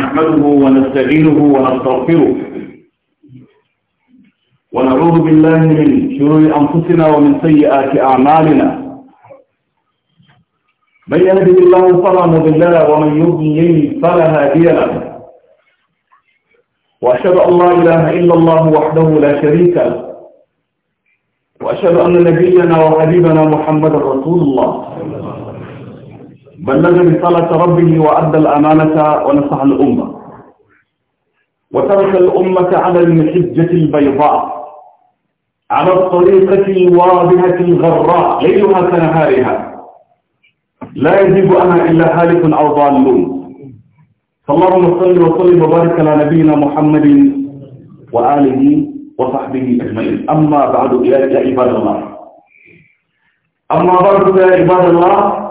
نحمده ونستعينه ونستغفره ونعوذ بالله من شرور أنفسنا ومن سيئات أعمالنا من يهده الله فلا مضل له ومن يضلل فلا هادي له وأشهد أن لا إله إلا الله وحده لا شريك له وأشهد أن نبينا وحبيبنا محمد رسول الله بلغ رسالة ربه وأدى الأمانة ونصح الأمة وترك الأمة على المحجة البيضاء على الطريقة الواضحة الغراء ليلها كنهارها لا يجيب أنا إلا هالك أو ضالون فاللهم صل وسلم وبارك على نبينا محمد وآله وصحبه أجمعين أما بعد إلى عباد الله أما بعد إلى عباد الله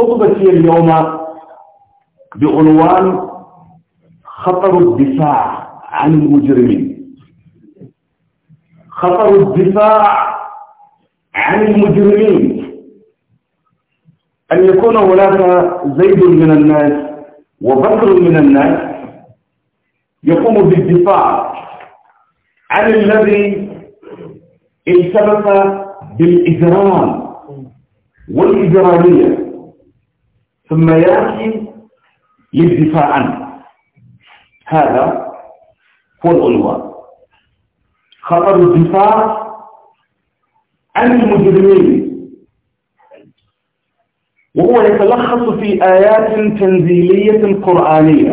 خطبتي اليوم بعنوان خطر الدفاع عن المجرمين خطر الدفاع عن المجرمين أن يكون هناك زيد من الناس وبكر من الناس يقوم بالدفاع عن الذي التبس بالإجرام والإجرامية ثم ياتي للدفاع عنه هذا هو العنوان خطر الدفاع عن المجرمين وهو يتلخص في آيات تنزيلية قرآنية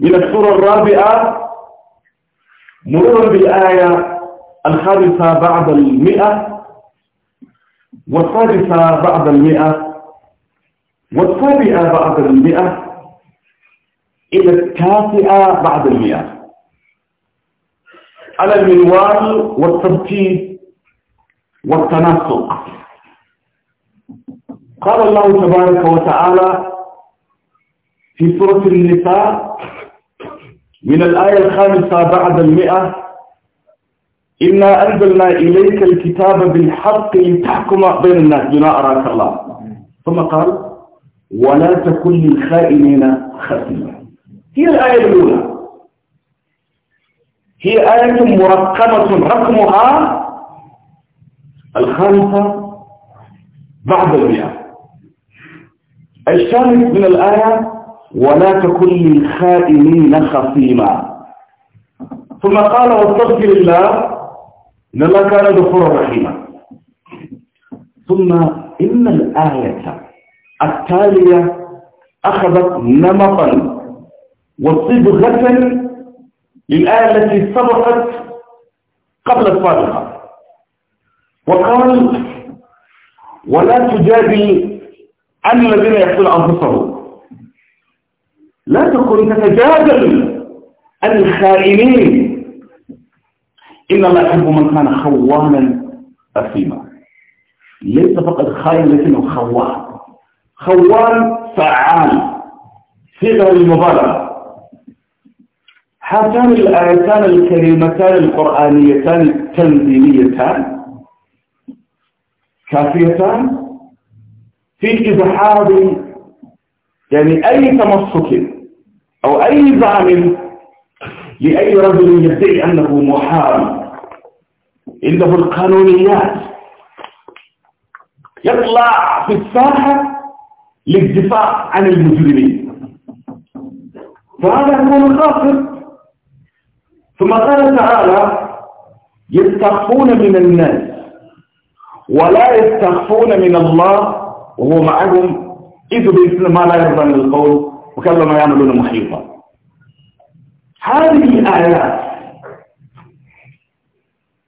من السورة الرابعة مرورا بالآية الخامسة بعد المئة والسادسة بعد المئة والسابعة بعد المئة إلى التاسعة بعد المئة على المنوال والترتيب والتناسق قال الله تبارك وتعالى في سورة النساء من الآية الخامسة بعد المئة إنا أنزلنا إليك الكتاب بالحق لتحكم بين الناس بما أراك الله ثم قال ولا تكن للخائنين خصيما هي الآية الأولى هي آية مرقمة رقمها الخامسة بعد المئة الثالث من الآية ولا تكن للخائنين خصيما ثم قال واستغفر الله إن الله كان غفورا رحيما ثم إن الآية التالية أخذت نمطا وصبغة للآية التي سبقت قبل السابقة وقال ولا تجادل عن الذين يقتل أنفسهم لا تكن تتجادل عن الخائنين إن الله يحب من كان خوانا أثيما ليس فقط خائن لكنه خوان خوال فعال صيغة المبالغة هاتان الآيتان الكريمتان القرآنيتان التنزيليتان كافيتان في إبحار يعني أي تمسك أو أي زعم لأي رجل يدعي أنه محارم عنده القانونيات يطلع في الساحة للدفاع عن المجرمين فهذا هو الخاطر ثم قال تعالى يستخفون من الناس ولا يستخفون من الله وهو معهم إذ بإسلام ما لا يرضى من القول وكل ما يعملون محيطا هذه الآيات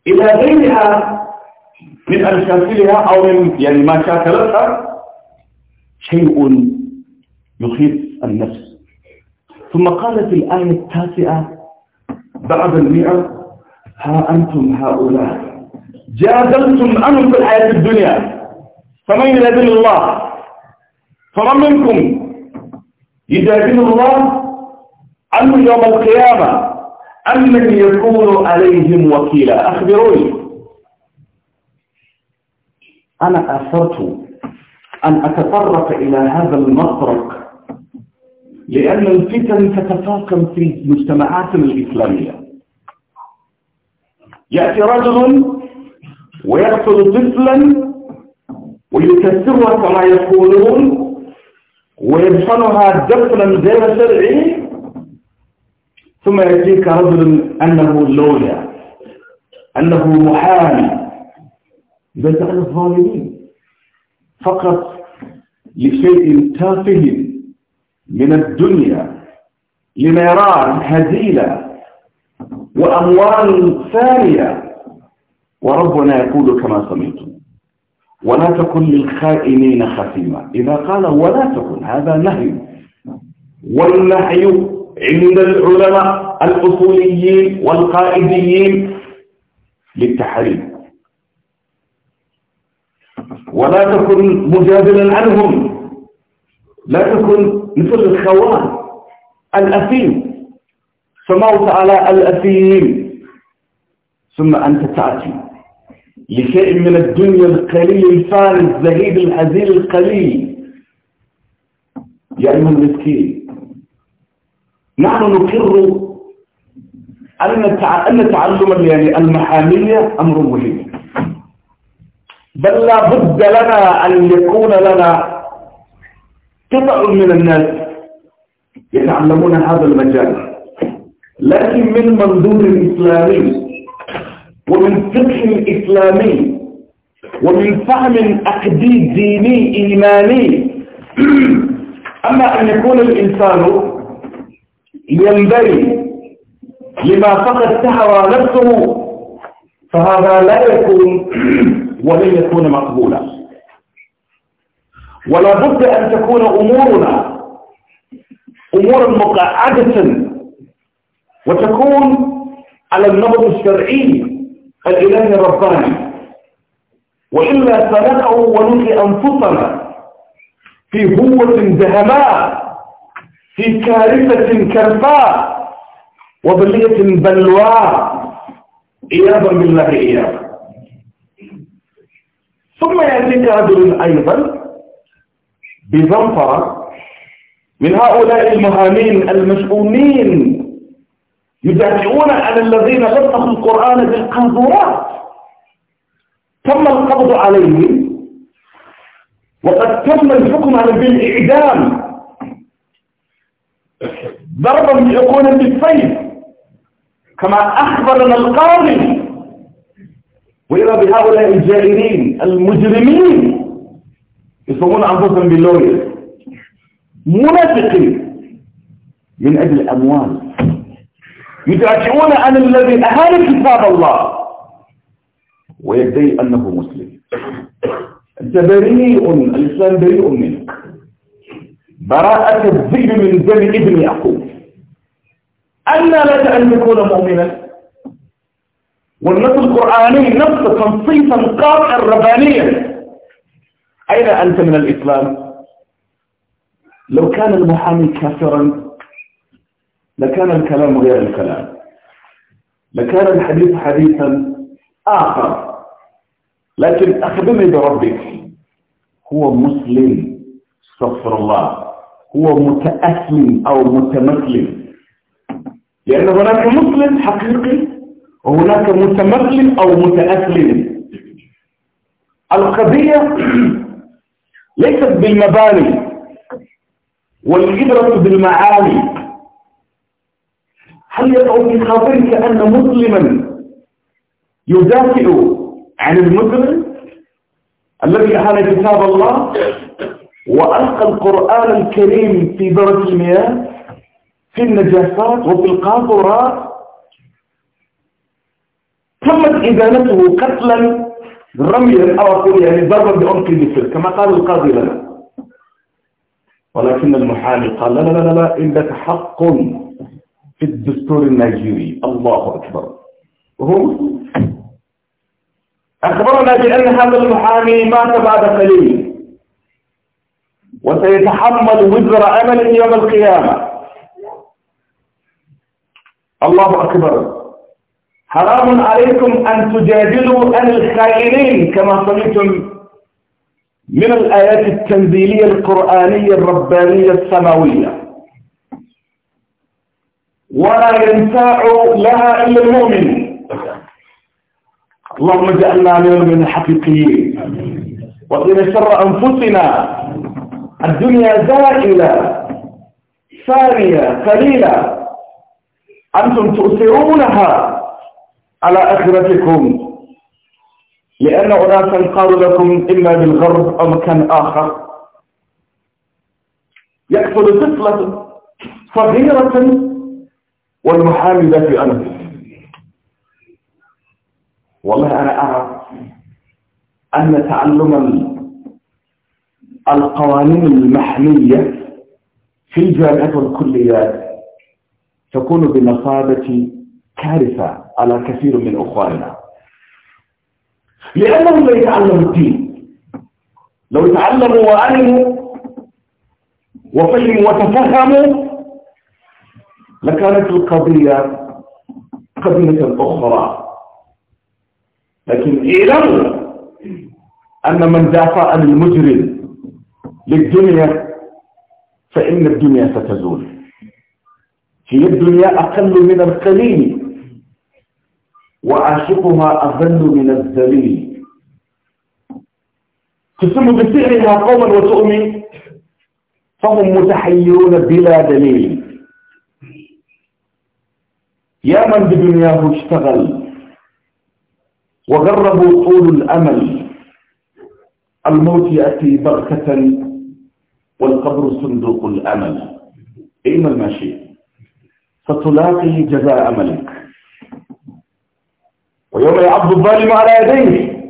إلى غيرها من أشكالها أو من يعني ما شاكلتها شيء يخيف النفس ثم قالت الآية التاسعة بعد المئة ها أنتم هؤلاء جادلتم أنهم في الحياة الدنيا فمن يجادل الله فمن منكم يجادل الله عنه يوم القيامة من يكون عليهم وكيلا أخبروني أنا أثرت أن أتطرق إلى هذا المطرق لأن الفتن تتفاقم في المجتمعات الإسلامية يأتي رجل ويقتل طفلا ويكسرها كما يقولون ويدفنها دفنا غير شرعي ثم يأتيك رجل أنه لولا أنه محامي إذا تعرف الظالمين فقط لشيء تافه من الدنيا لنيران هزيلة وأموال ثانية وربنا يقول كما سمعتم ولا تكن للخائنين خصيما إذا قال ولا تكن هذا نهي والنهي عند العلماء الأصوليين والقائديين للتحريم ولا تكن مجادلا عنهم لا تكن مثل الخوان الأثيم سماه تعالى الأثيم ثم أنت تأتي لشيء من الدنيا القليل الفاني الزهيد الهزيل القليل يا أيها المسكين نحن نقر أن تعلم يعني المحامية أمر مهم بل لا بد لنا أن يكون لنا قطع من الناس يتعلمون هذا المجال لكن من منظور إسلامي ومن فقه إسلامي ومن فهم عقدي ديني إيماني أما أن يكون الإنسان ينبري لما فقد تهوى نفسه فهذا لا يكون ولن يكون مقبولا ولا بد أن تكون أمورنا أمورا مقعدة وتكون على النمط الشرعي الإلهي الرباني وإلا سنقع ونلقي أنفسنا في هوة دهماء في كارثة كرفاء وبلية بلواء إيابا بالله إيابا ثم يأتي كادر أيضا بزنفرة من هؤلاء المهامين المشؤومين يدافعون عن الذين لطخوا القرآن بالقنبرات تم القبض عليهم وقد تم الحكم على بالإعدام ضربا بعقولة السيف كما أخبرنا القاضي وإلى بهؤلاء الجائرين المجرمين يسمون أنفسهم باللوية منافقين من أجل الأموال يدافعون عن الذي أهان كتاب الله ويدعي أنه مسلم أنت بريء الإسلام بريء منك براءة الذئب من دم ابن يعقوب أنا لك أن تكون مؤمنا والنص القرآني نص تنصيصا قاطعا ربانيا أين أنت من الإسلام لو كان المحامي كافرا لكان الكلام غير الكلام لكان الحديث حديثا آخر لكن أخدمي بربك هو مسلم استغفر الله هو متأسلم أو متمسلم لأن هناك مسلم حقيقي هناك متمكن أو متأسلم القضية ليست بالمباني والعبرة بالمعاني هل يدعو في خاطرك أن مسلما يدافع عن المسلم الذي أهان كتاب الله وألقى القرآن الكريم في درجة المياه في النجاسات وفي القاطرات تمت إدانته قتلا رمي أو يعني ضربا بعمق المثل كما قال القاضي لنا ولكن المحامي قال لا لا لا لا عندك حق في الدستور النيجيري الله أكبر هو أخبرنا بأن هذا المحامي مات بعد قليل وسيتحمل وزر أمل يوم القيامة الله أكبر حرام عليكم أن تجادلوا عن الخائنين كما سمعتم من الآيات التنزيلية القرآنية الربانية السماوية ولا ينفع لها إلا المؤمن اللهم اجعلنا من الحقيقيين وإن شر أنفسنا الدنيا زائلة ثانية قليلة أنتم تؤثرونها على آخرتكم لأن أناسا قالوا لكم إما بالغرب أو مكان آخر يقتل طفلة صغيرة والمحامي في أنف والله أنا أرى أن تعلم القوانين المحمية في الجامعات والكليات تكون بمثابة كارثة على كثير من أخواننا لأنهم لا يتعلموا الدين لو يتعلموا وعلموا وفهموا وتفهموا لكانت القضية قضية أخرى لكن إعلم أن من دافع عن المجرم للدنيا فإن الدنيا ستزول هي الدنيا أقل من القليل وعاشقها أذل من الذليل تسم بسعرها قوما وتؤمن فهم متحيرون بلا دليل يا من بدنياه اشتغل وغربوا طول الأمل الموت يأتي بغتة والقبر صندوق الأمل اين المشي فتلاقي ستلاقي جزاء عملك ويوم يعض الظالم على يديه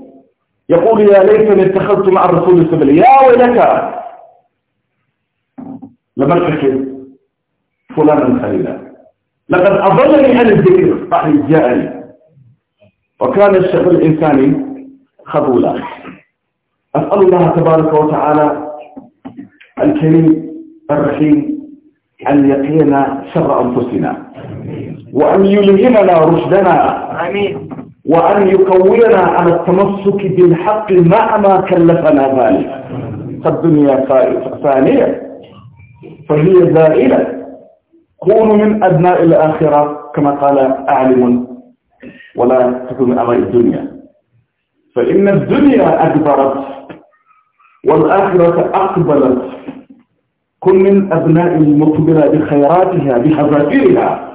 يقول يا ليتني اتخذت مع الرسول سبيلا يا ويلك لم اتخذ فلانا خليلا لقد اضلني عن الذكر بعد جاءني وكان الشيخ الانساني خذولا اسال الله تبارك وتعالى الكريم الرحيم ان يقينا شر انفسنا وأن يلهمنا رشدنا آمين وأن يكوننا على التمسك بالحق مع ما كلفنا ذلك فالدنيا ثانية فهي زائلة كونوا من أبناء الآخرة كما قال أعلم ولا تكون من أمر الدنيا فإن الدنيا أكبرت والآخرة أقبلت كن من أبناء المقبلة بخيراتها بحذافيرها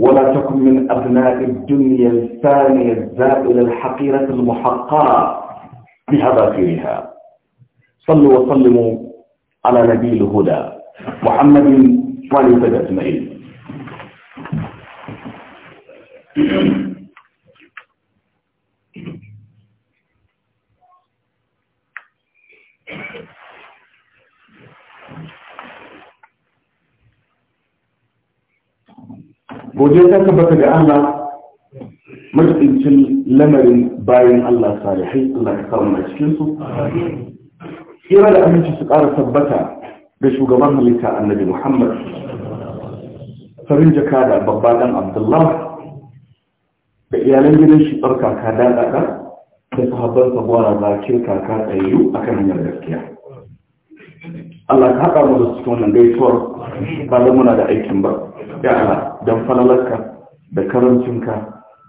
ولا تكن من أبناء الدنيا الثانية الزائلة الحقيرة المحقرة بهذا صلوا وسلموا على نبي الهدى محمد وعلى اجمعين godiya ta tabbata ga Allah matsincin lamarin bayan Allah salihai Allah ka samu mai cikin su kira da aminci su ƙara tabbata ga shugaban halitta annabi Muhammad farin jaka da babba dan Abdullah da iyalan gidan shi tsarkaka daɗaɗa da sahabban sagwara zakir kaka tsayayyu akan hanyar gaskiya Allah ka haɗa mu da cikin wannan gaisuwar ba da muna da aikin ba ya Allah dan falalarka da karancinka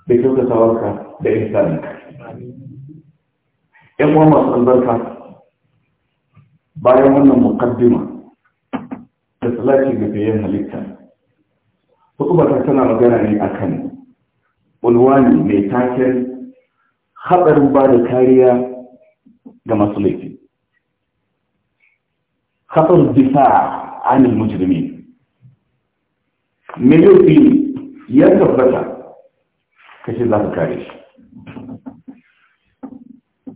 da kyautatawarka da ihsaninka yan uwa masu albarka bayan wannan muqaddima da salati ga bayan halitta hukumar tana magana ne akan ulwani mai taken haɗarin ba da kariya ga masu laifi خطر الدفاع عن المجرمين مليون في يدف بسا كشي الله كاريش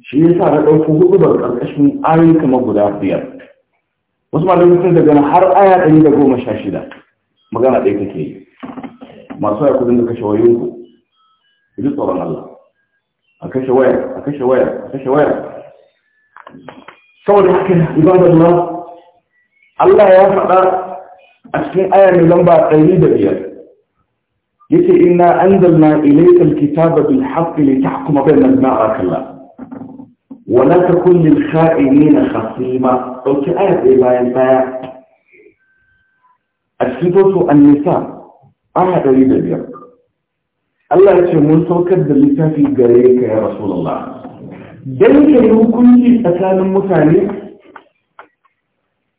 شيء صار لو فوق قدر قرش من آيين كما قد عبدير وسمع لو يقول لك أنا حر آيات أني دقو مشاشدة مغانا ديك كي ما صار يقول لك شوينك يجي طبعا الله أكشوير أكشوير أكشوير صور الحكي عبادة الله Allah ya faɗa a cikin aya mai lamba ɗari da biyar yace inna anzalna ilayka alkitaba bil haqqi litahkuma bayna al-mar'a kallah wa la takun lil kha'inina khasima dauki aya ɗaya bayan ɗaya a cikin sosu an-nisa aya ɗari da biyar Allah ya ce mun saukar da littafi gare ka ya rasulullah dan kai hukunci tsakanin mutane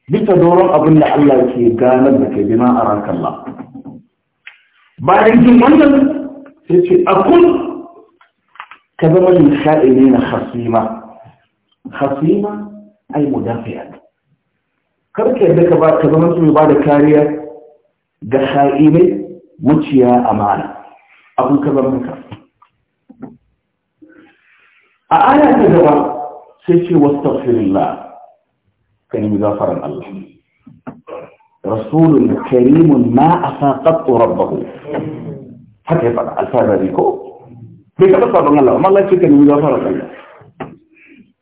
bisa doron abin da Allah ke ganar da kai bima a rankallah bayan jin wannan sai ce a kun ka zama yin sha'ili na hasima hasima ai mudafiya karka yadda ka ba ka zama mai ba da kariya ga sha'ilai wuciya amana abin ka zama ka a aya ta gaba sai ce wasu tafirin كني مذافرا الله رسول كريم ما أفاقط ربه حتى يبقى الفاظ ذيكو بيك أفاقط الله ما الله يتكلم كني مذافرا الله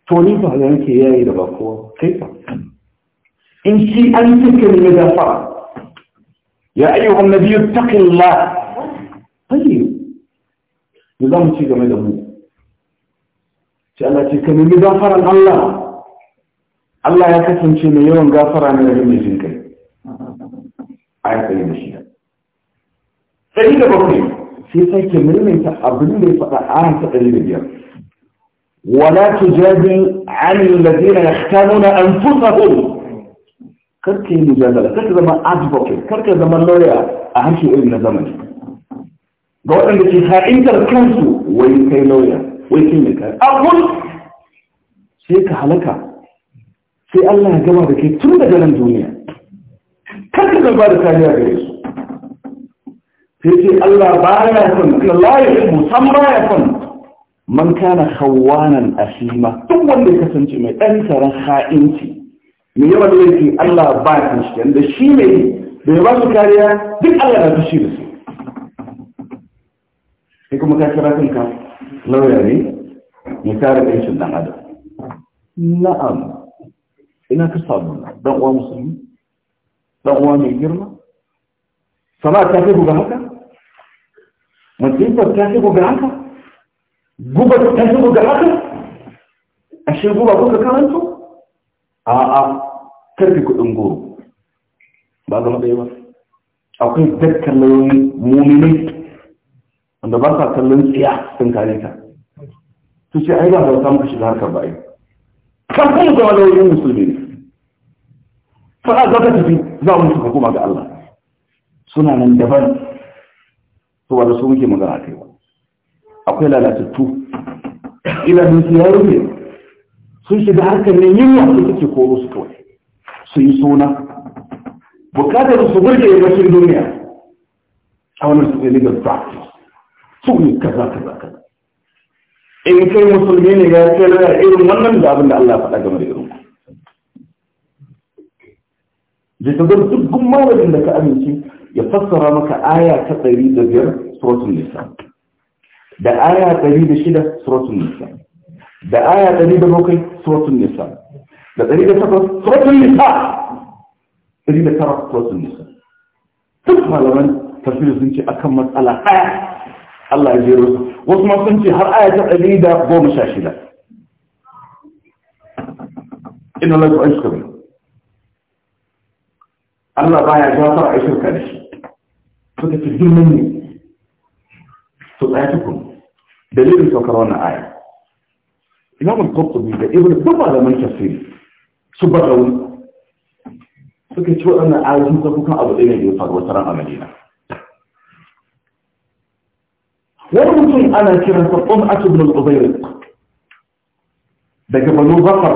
توني فعلان كي يا إذا بقوة كيف إن شيء أنت كني مذافرا يا أيها النبي اتق الله طيب نظام الشيء كما يدعون شاء الله تكلم مذافرا الله Allah ya kasance mai yawan gafara ne da mijin kai. Ai kai ne shi. Sai da bakwai sai sai mulmanta abin da ya faɗa a ta dari da biyar. ولا تجادل عن الذين يختانون انفسهم كركي مجادله كركي زمان ادفوكيت كركي زمان لويا اهم شيء من زمان بقول انك في خائن تركنسو وين كاي لويا وين كاي اقول شيك هلكه sai Allah ya gama da ke tun daga nan duniya kar ka zaba da kariya gare su sai ce Allah ba ya son la ya son san ba ya son man kana hawanan asima duk wanda ya kasance mai ɗan tsaron ha'inci mai yawan laifi Allah ba ya shi yadda shi ne bai ba su kariya duk Allah na fushi da su sai kuma ka kira kanka lauya ne mai kare ɗancin ɗan adam na'am ina ka samu na dan uwa musulmi dan uwa mai girma sama ta fi ga haka mutuntar ta fi ga haka guba ta fi ga haka ashe guba kuka karanto a'a karfi kudin goro ba zama ɗaya ba akwai dakkan lauyoyin muminai wanda ba sa kallon tsiya sun kare ta su ce ai ba da samu shiga harkar ba ai kan kuma ga lauyoyin musulmi fara za ka tafi za mu tafi kuma ga Allah suna nan daban to wanda su muke magana kai ba akwai lalatattu ilahin su ya rufe sun shiga harkar ne yin wasu suke koro su kawai su yi suna bukatar su burge yammacin duniya a wani su illegal practice su ne kaza kaza kaza in kai musulmi ne ga kai na irin wannan da abin da Allah faɗa game da irin ku je ka duk malamin da ka amince ya fassara maka aya ta ɗari da biyar suratul nisa da aya ɗari da shida suratul nisa da aya ɗari da bakwai suratul nisa da ɗari da takwas suratul nisa ɗari da tara suratul nisa duk malaman tafsir sun ce akan matsala aya Allah ya jero su wasu ma sun ce har aya ta ɗari da goma sha shida ina lagu an shi Allah ya baya gafara a shirka da shi da ci girman ne su tsaya tukun dalilin saukar wannan aya imam al-qurtubi da ibn dubba da man tafsiri su bagawi suka ci waɗannan ayoyin ta kukan abu ɗaya da ya faru wata ran a Madina wani mutum ana kiran sa Qum'at ibn al-Ubayr daga Banu Bakar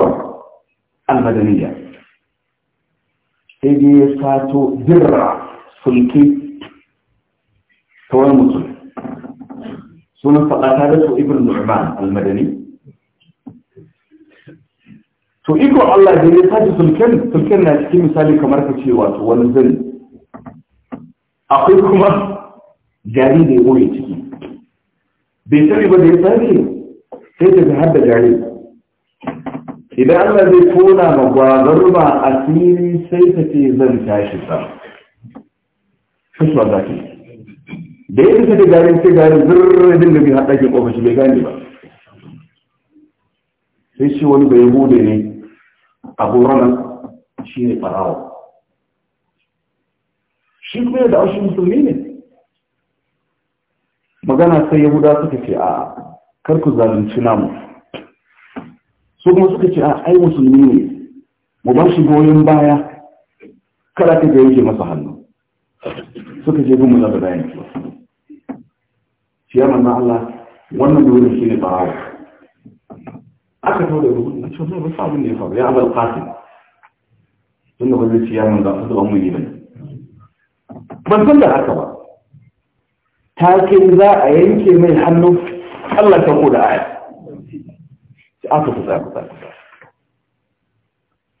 al-Madaniyya sai dai ya sato birra sulki ta wani mutum sunan faɗata da su ibn nu'man al-madani to iko Allah da ya sace sulken sulken na cikin misali kamar ka ce wato wani zani akwai kuma jari da ya goye ciki bai sani ba da ya sace sai ta har da jari idan Allah zai tona ma a asiri sai ta ce zan tashi sa kusurwa zafi da ya fita da garin sai garin din da bi haɗa ke ƙofa shi bai gane ba sai shi wani bai bude ne a gurana shi ne farawa shi kuma da aushin musulmi ne magana sai yahuda suka ce a karku zalunci namu su kuma suka ce a ai musulmi ne mu bar shi goyon baya kada ka ga yake masa hannu suka ce gumu zaba bayan yanki shi ya manna Allah wannan dole shi ne bawai aka kawo da na ce cikin ba sabon da ya faru ya abal qasim tunda ba zai ci ya manna su da mu yi ba ban san da haka ba takin za a yanke mai hannu Allah ta koda aya aka kusa kusa kusa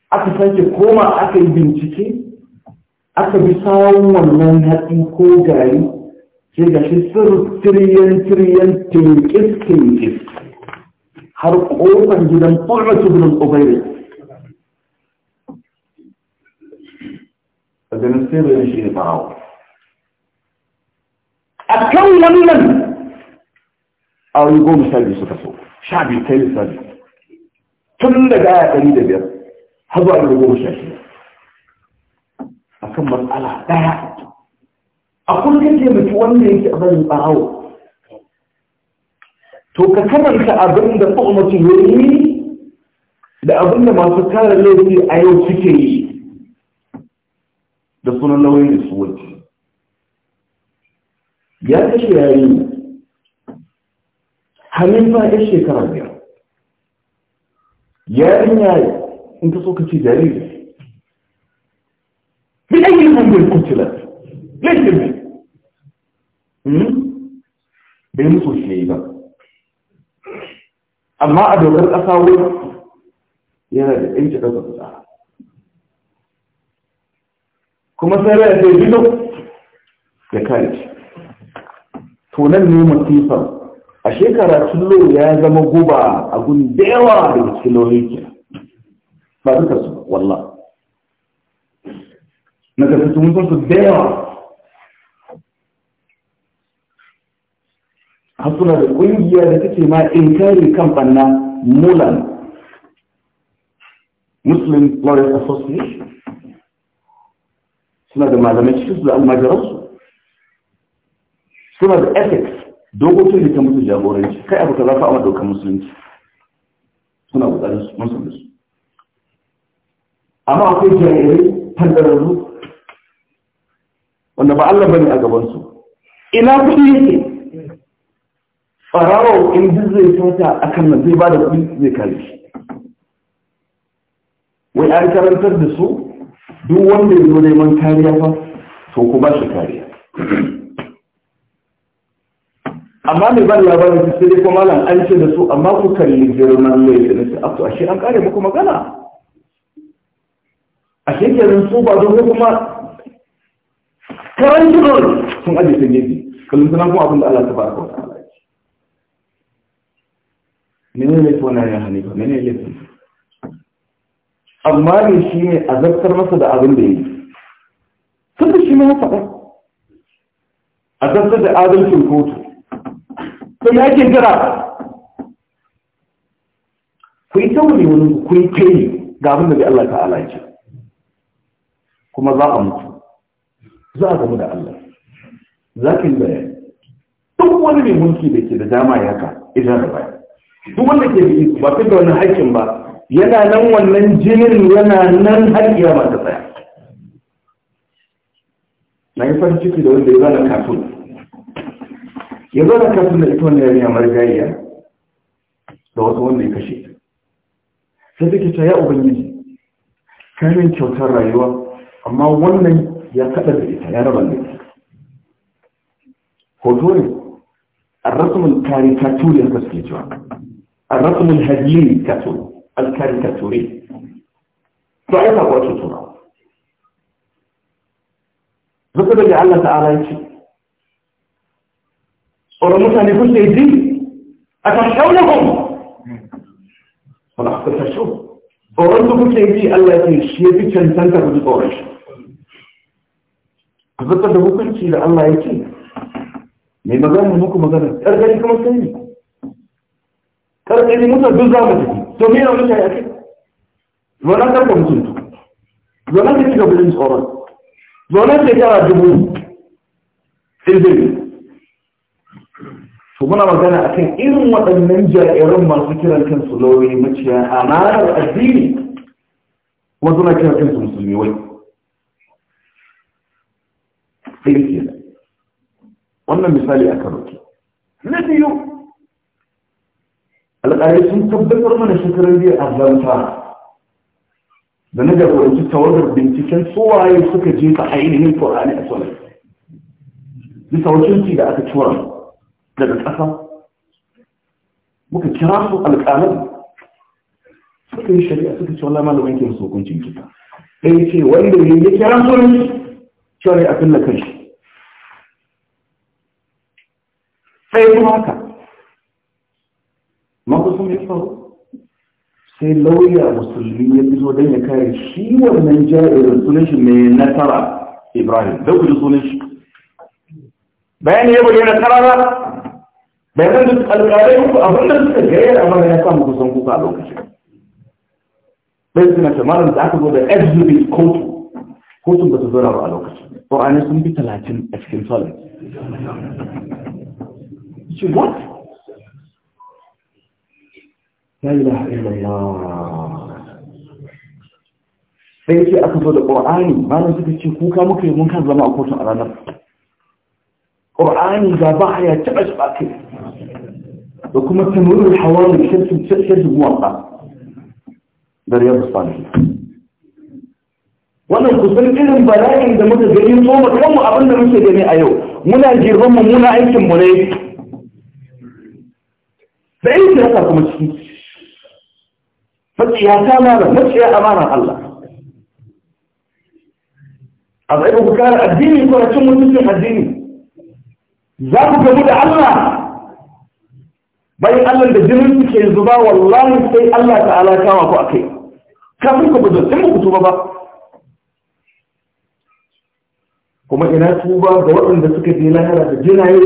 aka sake koma aka yi bincike aka bi sawon wannan hatsi ko gari sai ga shi sirri tiriyan tiriyan tinkis tinkis har kofar gidan ƙwararra tubunan ƙobairi a ganin sirri shi ne farawa a kan wannan a wani goma sha biyu suka so sha biyu ta yi sha biyu tun daga aya ɗari da biyar har zuwa ɗari goma sha shida a kan matsala ɗaya a kullum taimaki wanda yake a bayan ɓarawo to ka karanta abin da ƙwamacin wani da abin da masu kare laifi a yau suke yi da sunan nauyin isuwaci ya kashe yayi hannun fa'in shekara biyar yarinya in ka so ka ce jariri bi ayi hanyar kuntila laifin ne hmm? bai musu shi ba amma a dokar ƙasa wuri yana da ɗanci ɗaukar kusa kuma sai rai sai bido ya kare shi to nan ne masifar a shekara tullo ya zama guba a gun da yawa da cikin lauyoyi ke ba duka su walla na kasu sun mutu su da yawa hasuna da kungiya da take ma inkari kan banna mulan muslim lawyers association suna da malamai cikin su da almajiransu suna da ethics dokokin da ta musu jagoranci kai abu ka za su awa dokar musulunci suna kokarin su musu da su amma akwai jarirai tangararru wanda ba Allah bane a gabansu ina kuɗi yake farawa in duk zai sauta a kan nan zai ba da kuɗi zai kare shi wai an karantar da su duk wanda ya zo neman kariya ba to ku ba shi kariya amma mai ban labarin su sai kuma malam an ce da su amma ku kalli girman laifin na ce a ah, to ashe an kare muku magana ashe kenan su ba don kuma don sun aje sun yi kallon suna kuma abin da Allah ta baraka wata ala ce mene ne wani ya hannu ba mene ne amma ne shi ne zartar masa da abin da ya yi sun da shi ne ya faɗa zartar da adalcin kotu ko ya ke jira ku yi sauri wani ku yi kai ga abin da bai Allah ta'ala ce kuma za a mutu za a gamu da Allah za ka yi bayan? duk wani mai mulki da ke da dama ya ka idan da bayan duk wanda ke da iko ba fi da wani haƙƙin ba yana nan wannan jinin yana nan haƙƙiya ba ta tsaya na yi farin ciki da wanda ya zana kafin ya zo da kasu da ita wanda yarinya marigayya da wasu wanda ya kashe ta sai take ta ya ubangiji kamin kyautar rayuwa amma wannan ya kada da ita ya raba da hoto ne الرسم الكاريكاتوري الكسكيجوا الرسم الهجيني الكاتوري الكاريكاتوري فأيضا قوة ترى Allah ta'ala ya ce. tsoron mutane kuke ji a tashaunahun wala ku tashau tsoron da kuke ji Allah ya ce shi ya fi cancanta ku ji tsoron shi a zartar da hukunci da Allah ya ce Me magana muku magana ƙarƙari kuma sai ne ƙarƙari mutum duk za mu tafi to me yana mutane a kai zona karfa mutuntu zona ta ci gaba jin tsoron zona ta gyara dubu ɗin to muna magana akan irin waɗannan jairan masu kiran kansu lauyoyi maciya amanar addini kuma suna kiran kansu musulmi wai ɗaya ke wannan misali aka roke na biyu alƙari sun tabbatar mana shekarar biyu a zanta da na jagoranci tawagar binciken tsowaye suka jefa ainihin ƙorani a tsoron bisa wakilci da aka tura daga ƙasa muka kira su alƙalan suka yi shari'a suka ce wala malamin ke su hukuncin kita ɗaya ce wanda ne ya kira su ne cewa a afin na kanshi sai kuma haka ma kusan ya faru sai lauya musulmi ya fi zo don ya kare shi wannan jari'ar sunan shi mai nasara ibrahim don kuji sunan shi bayan ya bude nasara ba bayan da alƙalai uku abin da suka gaya da amana ya mu kusan kuka a lokacin bai suna ta tamarin da aka zo da exhibit kotu kotun ba su zo ba a lokacin ƙwa'ani sun fi talatin a cikin solid shi what ya yi la'ilallah sai ce aka zo da ƙwa'ani malam suka ce kuka muka yi mun kan zama a kotun a ranar ƙwa'ani ga ba a ya taɓa shi ba kai da kuma tamurul da shirkin shirkin muwafa da da Sani. wannan kusan irin bala'in da muka gani tsoma kanmu abin da muke gani a yau muna girman mu muna aikin mu ne da yin siyasa kuma ciki maciya ta mara maciya amana Allah a tsaye ku kare addini ko cin mutuncin addini za ku gabu da Allah bayan Allah da jinin suke ke zuba wallahi sai Allah ta'ala wa ku akai kafin ku buzo in ku tuba ba kuma ina tuba ga waɗanda suka je lahara da jinaye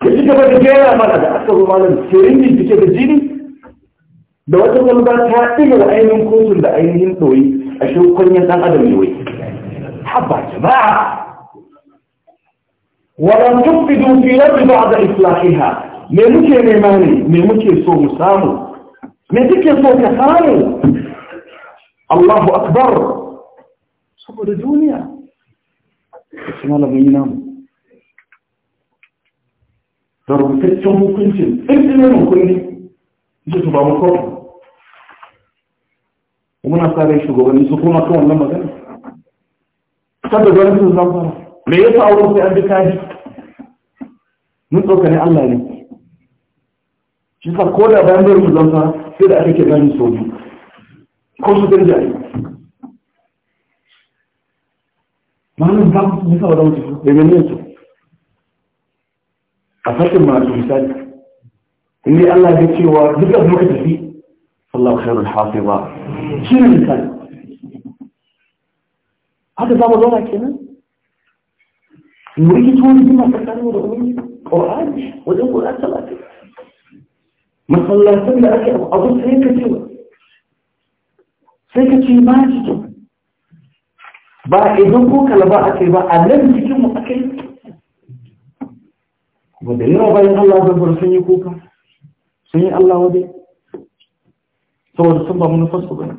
ka ji gaba da gera mana da aka zuba malam sirin bincike da jini da wata kwalba ta ɗiga da ainihin kotun da ainihin ɗoyi a shi kwanyen ɗan adam ne wai haba jama'a ولم تفدوا في الأرض بعد إصلاحها من متى ميماني من متى صوم سامو من متى صوم كسامو الله أكبر صوم الدنيا اسمع لغينا ضرب تتم وقنتم انتم من وقنتم جيتوا بعض الكفر ومن أصار يشتغل أن يسوقونا كون لما ذلك تبدو أن يسوقونا me yasa aure sai an bi kashi mun tsoka ne Allah ne shi sa ko da bayan barin zanta sai da aka ke gani so biyu ko su danja ne malin ba mu nisa wa wuce da ne su a sakin masu misali inda Allah ya cewa duk da muka tafi Allah khairul hafiza shi ne misali haka za mu zauna kenan wani suna tsakanin da wani ƙorani wajen guda talatin masallatan da ake abu sai ka ce sai ka ce ma jikin ba a idan ko kalaba ake ba a nan jikin mu ake wanda yawa bayan Allah zazzabar sun yi kuka sun yi Allah wadai saboda sun ba manufarsu ba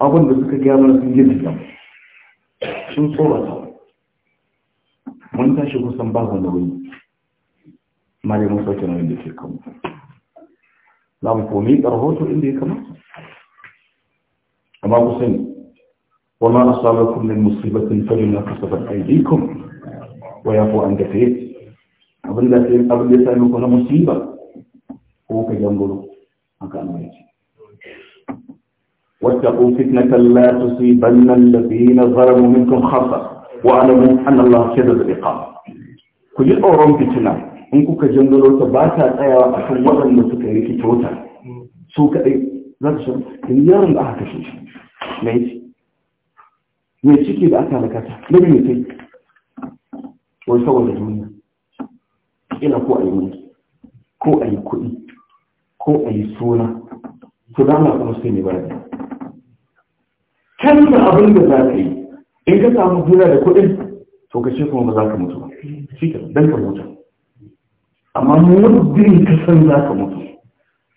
abin da suka gyara sun gina sun tsorata mun tashi kusan ba wani wani mare mun sauke nauyin da ke kanmu za mu komi rahoto inda ya kamata amma kusan wala sani min musibatin fa مصيبة فبما aydikum wa yafu an كثير abin da sai abin da sai sami na musiba ko ka jangoro aka an yi واتقوا فتنة لا تصيبن الذين ظلموا منكم خطأ wa alamu anna Allah shadidul iqab ku ji tsoron fitina in kuka jangalo ta ba ta tsayawa a kan waɗanda suka yi rikitota su kaɗai za su shan in yaron da aka kashe shi mai ci mai ciki da aka halaka ta na biyu sai wai saboda duniya ina ko a yi mulki ko a yi kuɗi ko a yi suna su dama kuma sai ne ba da canza abin da za ka yi in ka samu juna da kuɗin to ka ce kuma ba za ka mutu ba shi ka dan ka mutu amma muddin ka san za ka mutu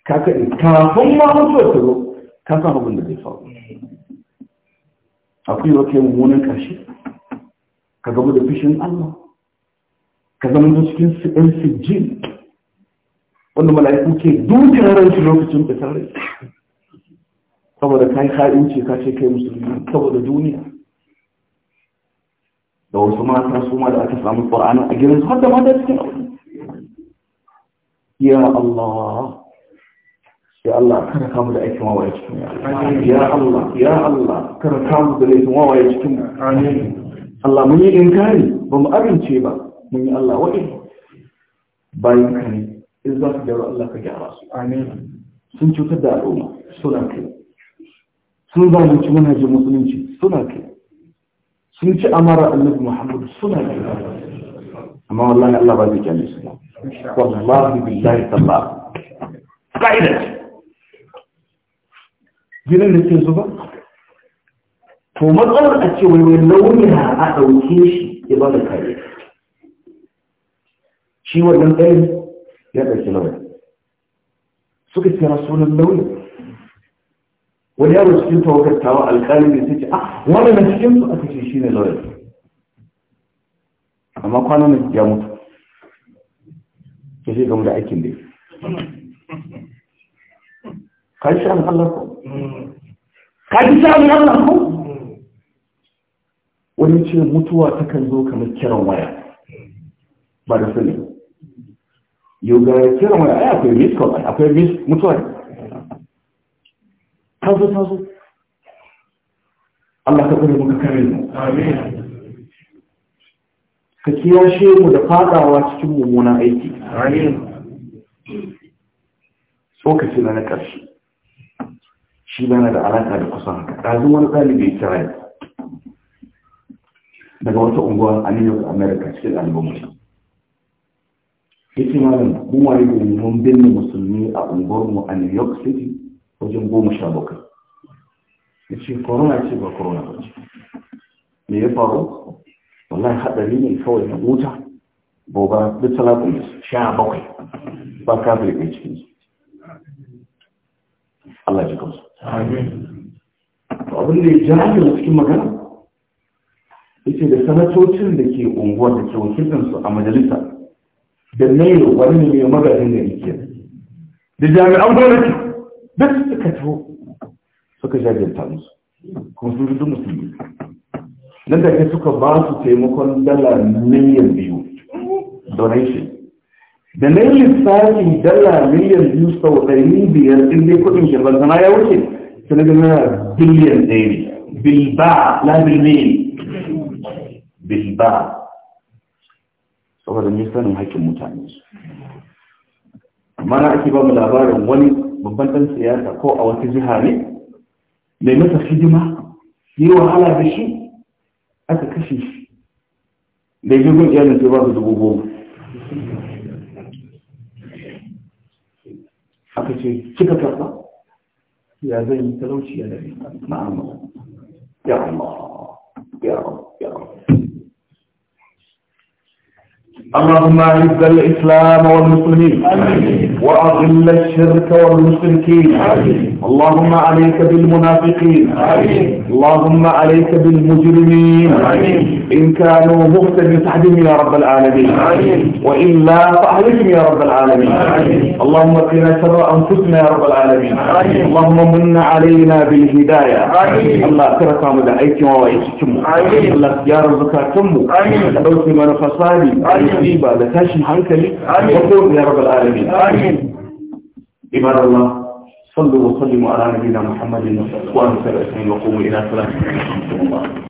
ka kaɗi kafin ma mutu ta zo ka samu abin da zai faru akwai wata mummunan munin ƙarshe ka gaba da fishin Allah ka zama da cikin ɗan sijjin wanda mala'iku ke dukkan ranci lokacin fitar rai saboda kai ha'inci ka ce kai musulmi saboda duniya da wasu mata su ma da aka samu ƙwar'ana a gidan su har mata cikin aure ya Allah ya Allah kada kamu da aikin wawaye cikin ya Allah ya Allah kada kamu da laifin wawaye cikin Allah mun yi inkari ba mu amince ba mun yi Allah wa'i bayan ka ne in za ka gyara Allah ka gyara su sun cutar da al'umma suna kai sun zalunci manhajin musulunci suna kai sun ci amara annabi muhammad suna da amma wallahi Allah ba zai kyale su wallahi billahi tallah kaida gidan da ke zuba to matsalar a ce wai wai launiya a ɗauke shi ya ba da kare shi wannan ɗaya ya ɗauki lauya suka ce sunan lauya wani yaro cikin tawakar tawa alkalin ne sai ce a ah, wani na cikin su aka ce shine lawyer amma kwanan ya mutu ke shi game da aikin da ka yi sha'an Allah ko ka yi sha'an Allah ko wani ce mutuwa ta kan zo kamar kiran waya ba da sani yau ga kiran waya akwai miss call akwai miss mutuwa ta zo Allah ka kare muka kare mu ka kiyashe mu da fadawa cikin mummunan aiki tsokaci na na ƙarshe shi na da alaƙa da kusan haka ɗazin wani ɗalibai kira daga wata unguwa a new york america cikin ɗalibanmu yake malam mu yi mun binne musulmi a unguwarmu a new york city wajen goma sha bakwai ya ce corona ce ba corona ba ce me ya faru wallahi haɗari ne kawai na mota ba ba duk talakun sha bakwai ba kafin kai cikin su Allah ji kansu to abin da ya a cikin magana ce da sanatocin da ke unguwar da ke wakiltansu a majalisa da nairo wani ne mai magajin da ke da jami'an gwamnati duk suka taho suka jajanta musu kuma sun rudu musulmi nan da suka ba su taimakon dala miliyan biyu donation da na yi lissafin dala miliyan biyu sau ɗari biyar in dai kuɗin shirban sana ya wuce su na gana biliyan ɗaya ne bilba na bilmil bilba saboda nisanin haƙƙin mutane amma na ake ba mu labarin wani babban dan siyasa ko a wata jiha ne mai masa hidima yi wahala da shi aka kashe shi da yi gun iyalin sai ba su dubu goma aka ce kika karba ya zan yi talauci ya dare ma'amma ya amma. ya Allah ya Allah اللهم اعز الاسلام والمسلمين واذل الشرك والمشركين اللهم عليك بالمنافقين آمين. اللهم عليك بالمجرمين آمين. إن كانوا مغتب فاحدهم يا رب العالمين وإلا فأهلكهم يا رب العالمين اللهم قنا شر أنفسنا يا رب العالمين اللهم من علينا بالهداية آمين. الله كرسا مدعيك ووائشكم الله سيارة زكاتم دوسي من فصالي بعد لتاشم حنكلي وقول يا رب العالمين آمين. عباد الله صلوا وسلموا على نبينا محمد وأنسى الأسلام وقوموا إلى صلاة الله